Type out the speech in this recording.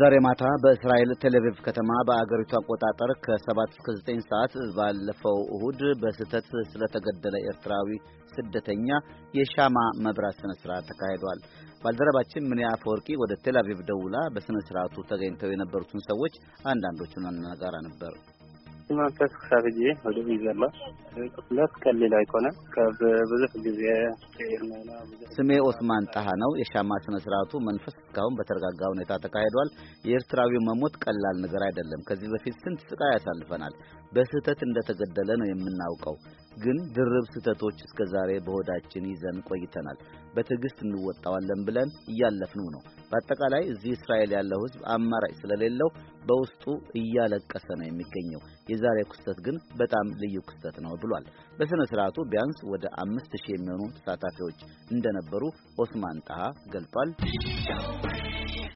ዛሬ ማታ በእስራኤል ቴሌቪቭ ከተማ በአገሪቱ አቆጣጠር ከ7 እስከ 9 ሰዓት ባለፈው እሁድ በስህተት ስለተገደለ ኤርትራዊ ስደተኛ የሻማ መብራት ስነ ስርዓት ተካሂዷል። ባልደረባችን ምንያ አፈወርቂ ወደ ቴላቪቭ ደውላ በስነ ስርዓቱ ተገኝተው የነበሩትን ሰዎች አንዳንዶቹን አነጋግራ ነበር። መንፈስ ከሳብዬ ወደ ቢዘላ ሁለት ከሌላ ይኮነ ብዙሕ ጊዜ ስሜ ኦስማን ጣሃ ነው። የሻማ ስነ ስርዓቱ መንፈስ እስካሁን በተረጋጋ ሁኔታ ተካሂዷል። የኤርትራዊው መሞት ቀላል ነገር አይደለም። ከዚህ በፊት ስንት ስቃይ ያሳልፈናል። በስህተት እንደተገደለ ነው የምናውቀው። ግን ድርብ ስህተቶች እስከ ዛሬ በሆዳችን ይዘን ቆይተናል። በትዕግስት እንወጣዋለን ብለን እያለፍኑ ነው። በአጠቃላይ እዚህ እስራኤል ያለው ሕዝብ አማራጭ ስለሌለው በውስጡ እያለቀሰ ነው የሚገኘው። የዛሬ ክስተት ግን በጣም ልዩ ክስተት ነው ብሏል። በሥነ ሥርዓቱ ቢያንስ ወደ አምስት ሺህ የሚሆኑ ተሳታፊዎች እንደነበሩ ኦስማን ጣሃ ገልጧል።